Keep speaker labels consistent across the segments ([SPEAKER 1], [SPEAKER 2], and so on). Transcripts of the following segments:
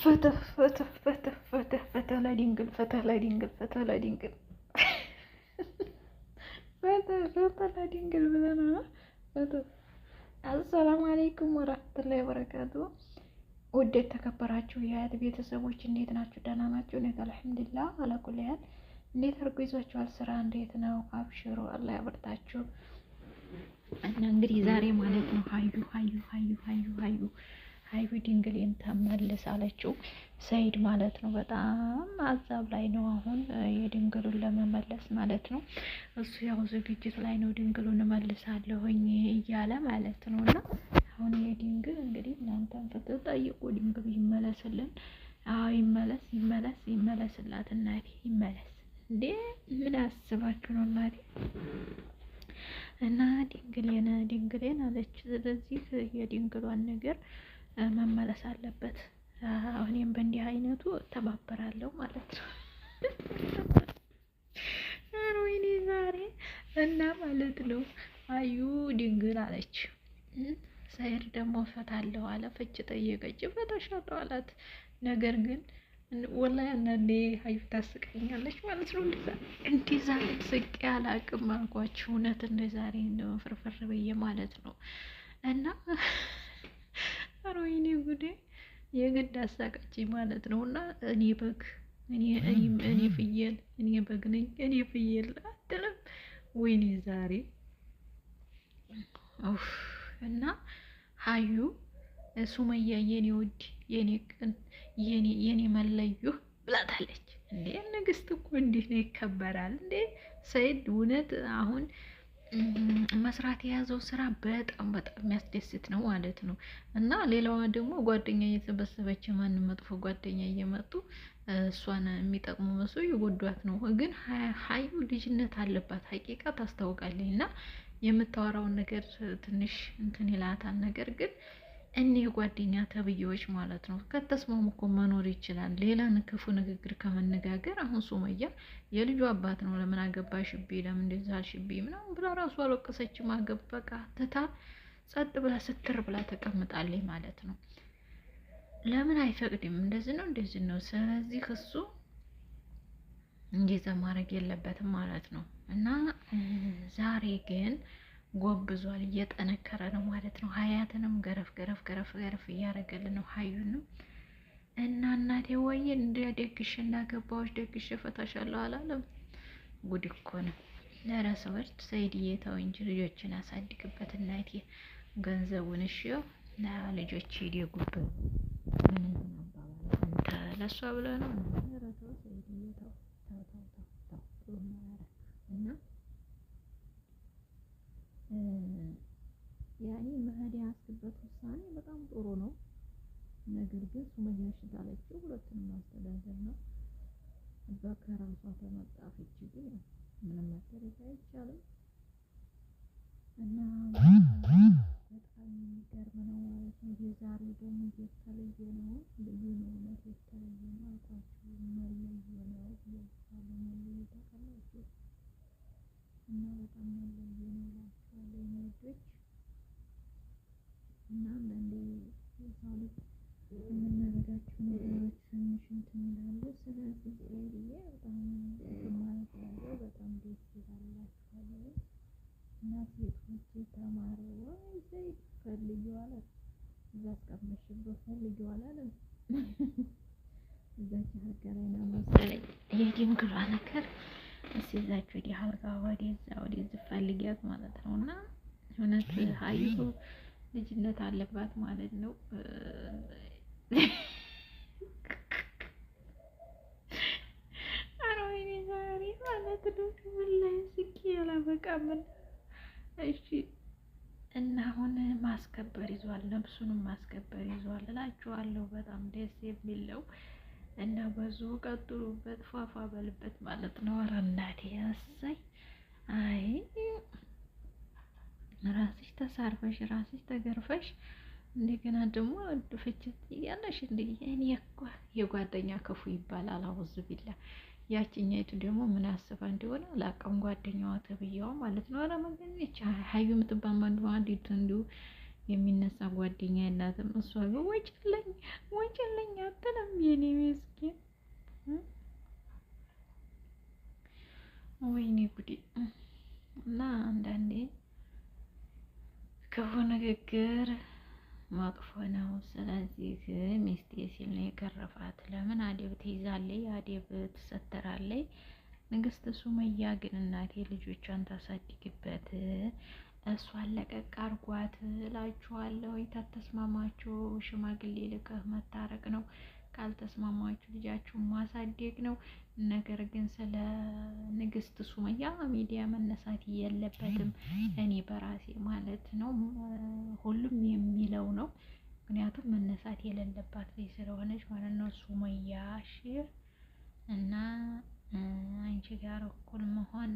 [SPEAKER 1] ፍትህ ፍትህ ፍትህ ፍትህ ፍትህ ለድንግል ፍትህ ለድንግል ፍትህ ለድንግል ፍትህ ፍትህ ለድንግል ብለናል። ፍትህ አሰላሙ አለይኩም ወራህመቱላሂ ወበረካቱ። ውድ የተከበራችሁ የአያት ቤተሰቦች እንዴት ናችሁ? ደህና ናችሁ? እኔ ጋር አልሐምዱሊላህ አላኩል ያህል እንዴት አድርጎ ይዟችኋል? ስራ እንዴት ነው? አብሽሩ፣ አላህ ያበርታችሁ። እና እንግዲህ ዛሬ ማለት ነው ሀዩ ሀዩ ሀዩ ሀዩ ሀዩ አይሁድ ድንግልን ተመልስ አለችው። ሰይድ ማለት ነው። በጣም አዛብ ላይ ነው አሁን የድንግሉን ለመመለስ ማለት ነው። እሱ ያው ዝግጅት ላይ ነው፣ ድንግሉን እመልሳለሁኝ እያለ ማለት ነው። እና አሁን የድንግል እንግዲህ እናንተን ፍትህ ጠይቁ፣ ድንግሉ ይመለስልን። አዎ ይመለስ፣ ይመለስ፣ ይመለስላት እናቴ ይመለስ። እንዴ ምን አስባችሁ ነው እናቴ? እና ድንግሌን ድንግሌን አለች። ስለዚህ የድንግሏን ነገር መመለስ አለበት። እኔም በእንዲህ አይነቱ እተባበራለሁ ማለት ነው። ኧረ ወይኔ ዛሬ እና ማለት ነው አዩ ድንግል አለች። ሰይድ ደግሞ እፈታለሁ አለ። ፍች ጠየቀች፣ እፈታሻለሁ አላት። ነገር ግን ወላ አንዳንዴ አዩ ታስቀኛለች ማለት ነው። እንዲህ ዛሬ ስቄ አላቅም አልኳችሁ። እውነት እንደ ዛሬ ፍርፍር ብዬ ማለት ነው እና ጉዴ የግድ አሳቃጭኝ ማለት ነው። እና እኔ በግ እኔ ፍየል እኔ በግ ነኝ እኔ ፍየል አትልም። ወይኔ ዛሬ እና ሀዩ ሱመያ የኔ ውድ የኔ ቅን የኔ መለዩ ብላታለች። እንዴ ንግስት እኮ እንዲህ ነው ይከበራል። እንዴ ሰይድ እውነት አሁን መስራት የያዘው ስራ በጣም በጣም የሚያስደስት ነው ማለት ነው። እና ሌላዋ ደግሞ ጓደኛ እየተበሰበች ማንም መጥፎ ጓደኛ እየመጡ እሷን የሚጠቅሙ መስሎ የጎዷት ነው። ግን ሀዩ ልጅነት አለባት ሀቂቃ ታስታውቃለች። እና የምታወራውን ነገር ትንሽ እንትን ይላታል ነገር ግን እኒህ ጓደኛ ተብዬዎች ማለት ነው ከተስማሙ እኮ መኖር ይችላል። ሌላ ክፉ ንግግር ከመነጋገር አሁን ሱመያ የልጁ አባት ነው ለምን ሽቢ ለምን እንደዚያ አልሽቤ ምናምን ብላ ራሱ አልወቀሰችም። አገበቃ ትታ ጸጥ ብላ ስትር ብላ ተቀምጣለች ማለት ነው። ለምን አይፈቅድም? እንደዚህ ነው እንደዚህ ነው። ስለዚህ እሱ እንደዚያ ማድረግ የለበትም ማለት ነው እና ዛሬ ግን ጎብዟል፣ እየጠነከረ ነው ማለት ነው። ሀያትንም ገረፍ ገረፍ ገረፍ ገረፍ እያደረገል ነው ሀዩንም እና እናቴ ወይ እንደ ደግሽ እና ገባዎች ደግሽ ፈታሻለሁ አላለም። ጉድ እኮ ነው። ለረ ሰዎች ሰይድዬ ተው እንጂ ልጆችን አሳድግበት እናቴ። ገንዘቡን እሺ ና ልጆች ይደጉብን ምን ለእሷ ብለህ ነው ያኔ መሄድ ያስበት ውሳኔ በጣም ጥሩ ነው። ነገር ግን ሱመያ እሺ ካለችው ሁለቱንም ማስተዳደር ነው። እዛ ከራሷ ተመጣ ፍቺ ግን ምንም ማስተዳደር አይቻልም እና በጣም የሚገርም ነው ማለት ነው። የዛሬ ደግሞ የተለየ ነው፣ ልዩ ነው፣ የተለየ ብሎ ፈልጊው አላለም። እዛች ሀገር አይና መሰለኝ የድንግሏ ነገር እስ ዛች ወዲህ አልጋ ወደዛ ወደዚህ ፈልጊያት ማለት ነው። እና እውነት ሀይቱ ልጅነት አለባት ማለት ነው። አሮኔ ዛሬ ማለት ነው ምን ላይ ስኪ ያላበቃምን እሺ ማስከበር ይዟል፣ ነብሱንም ማስከበር ይዟል እላችኋለሁ። በጣም ደስ የሚለው እና በዙ ቀጥሉበት፣ ፏፏ በልበት ማለት ነው። ኧረ እናቴ ያሳይ። አይ ራስሽ ተሳርፈሽ ራስሽ ተገርፈሽ እንደገና ደግሞ ፍችት እያለሽ እንደ እኔ እኮ የጓደኛ ክፉ ይባላል። አውዝ ቢላ ያችኛይቱ ደግሞ ምን አስባ እንደሆነ አላውቅም። ጓደኛዋ ተብያዋ ማለት ነው። ኧረ ሀዩ የምትባል አንድ እንዲሁ የሚነሳ ጓደኛ ያላትም እሷ ግን ወጭለኝ ወጭለኝ አትልም። የኔ ምስኪን ወይኔ ጉዴ! እና አንዳንዴ ክፉ ንግግር መጥፎ ነው። ስለዚህ ሚስቴ ሲል ነው የገረፋት። ለምን አዴብ ትይዛለች፣ አዴብ ትሰተራለች። ንግስት ሱመያ ግን እናቴ ልጆቿን ታሳድግበት እሷን ለቀቅ አርጓት እላችኋለሁ። ታተስማማችሁ ሽማግሌ ልከህ መታረቅ ነው፣ ካልተስማማችሁ ልጃችሁን ማሳደግ ነው። ነገር ግን ስለ ንግስት ሱመያ ሚዲያ መነሳት የለበትም። እኔ በራሴ ማለት ነው ሁሉም የሚለው ነው። ምክንያቱም መነሳት የሌለባት ስለሆነች ማለት ነው ሱመያ እና አንቺ ጋር እኩል መሆን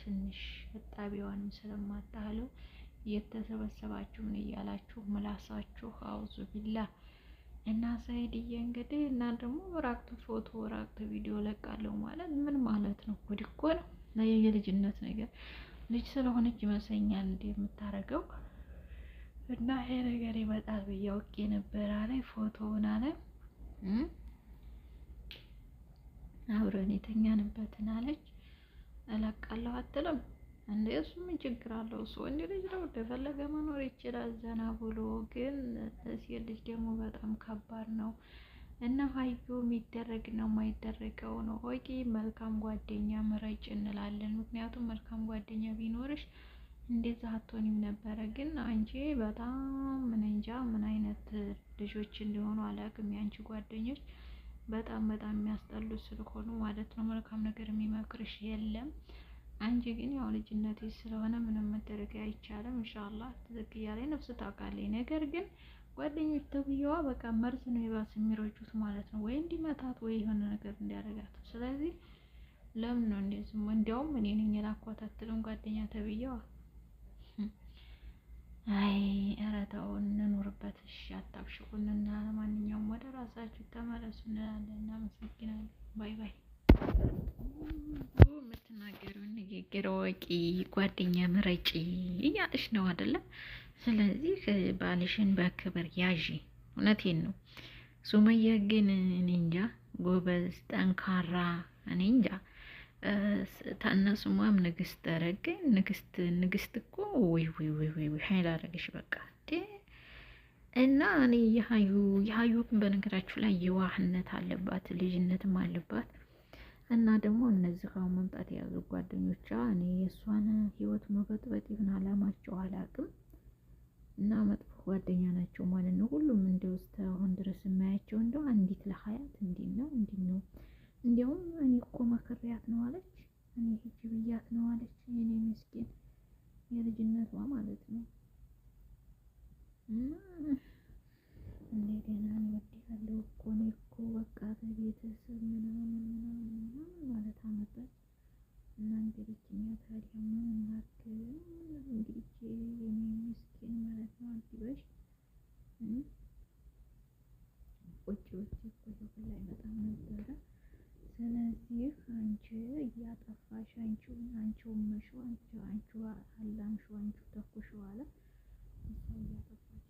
[SPEAKER 1] ትንሽ እጣቢ ቢሆንም ስለማታህሉ እየተሰበሰባችሁ ምን እያላችሁ ምላሳችሁ አውዙ ቢላ እና ሰይድዬ እንግዲህ እና ደግሞ ራቅት ፎቶ ራቅት ቪዲዮ ለቃለሁ ማለት ምን ማለት ነው? ጉድ እኮ ነው። የልጅነት ነገር ልጅ ስለሆነች ይመስለኛል እንደ የምታደርገው እና ይሄ ነገር ይመጣል ብዬ አውቄ ነበር አለ ፎቶውን አለ አብረን የተኛንበትን አለች። እለቃለሁ አትልም እንደ እሱ ምን ችግር አለው? እሱ ወንድ ልጅ ነው፣ እንደፈለገ መኖር ይችላል ዘና ብሎ። ግን ሴት ልጅ ደግሞ በጣም ከባድ ነው እና ሀዩ የሚደረግ ነው የማይደረገው ነው። ወቂ መልካም ጓደኛ ምረጭ እንላለን። ምክንያቱም መልካም ጓደኛ ቢኖርሽ እንደዛ አትሆንም ነበረ። ግን አንቺ በጣም ምን እንጃ ምን አይነት ልጆች እንደሆኑ አላውቅም የአንቺ ጓደኞች በጣም በጣም የሚያስጠሉ ስለሆኑ ማለት ነው። መልካም ነገር የሚመክርሽ የለም። አንቺ ግን ያው ልጅነት ስለሆነ ምንም መደረግ አይቻልም። ኢንሻአላህ ትዝቅ እያለ ነፍስ ታውቃለች። ነገር ግን ጓደኞች ተብዬዋ በቃ መርዝ ነው ይባስ የሚረጩት ማለት ነው። ወይ እንዲመታት ወይ የሆነ ነገር እንዲያደርጋት። ስለዚህ ለምን ነው እንደዚህ? እንዲያውም እኔ ነኝ የላኳት አትልም ጓደኛ ተብዬዋ አይ ኧረ ተው እንኑርበት። እሺ አታብሽቁን እና ለማንኛውም ወደ ራሳችሁ ተመለሱ እንላለን። እናመሰግናለን። ባይ ባይ። የምትናገሪውን ንግግር ወቂ፣ ጓደኛ ምረጪ እያልሽ ነው አይደለ? ስለዚህ ባልሽን በክብር ያዢ። እውነቴን ነው። ሱመያ ግን እኔ እንጃ ጎበዝ፣ ጠንካራ እኔ እንጃ ታናስሟም ንግስት አረገኝ። ንግስት ንግስት እኮ ወይ ወይ ወይ ወይ ሀይል አረገሽ በቃ እንዴ! እና እኔ የሀዩ የሀዩ ግን በነገራችሁ ላይ የዋህነት አለባት፣ ልጅነትም አለባት። እና ደግሞ እነዚህ ከው መምጣት የያዙ ጓደኞቿ እኔ የእሷን ህይወት መበጥበጥ ይሁን አላማቸው አላቅም። እና መጥፎ ጓደኛ ናቸው ማለት ነው። ሁሉም እንደው እስከ አሁን ድረስ የማያቸው እንደው አንዲት ለሀያት እንዲ ነው እንዲ ነው እንዲያውም እኔ እኮ መክሬያት ነው አለች። እኔ ሂጅ ብያት ነው አለች። የኔ ምስኪን የልጅነቷ ማለት ነው እና እንደ ስለዚህ አንቺ እያጠፋሽ አንቺው አንቺው መሽው አንቺ አንቺው አላምሽው አንቺው አለ እያጠፋሽ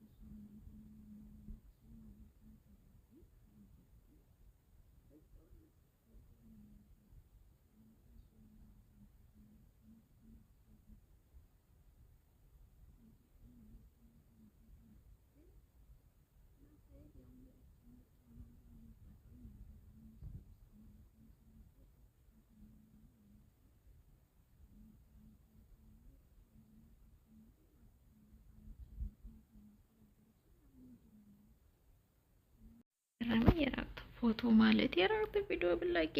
[SPEAKER 1] ገረመኝ። የራቁት ፎቶ ማለት የራቁት ቪዲዮ ብላቂ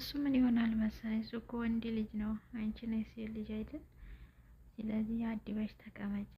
[SPEAKER 1] እሱ ምን ይሆናል መሰለኝ። እሱ እኮ ወንድ ልጅ ነው፣ አንቺ ነሽ ሴት ልጅ አይደል? ስለዚህ አዲበሽ ተቀመጭ።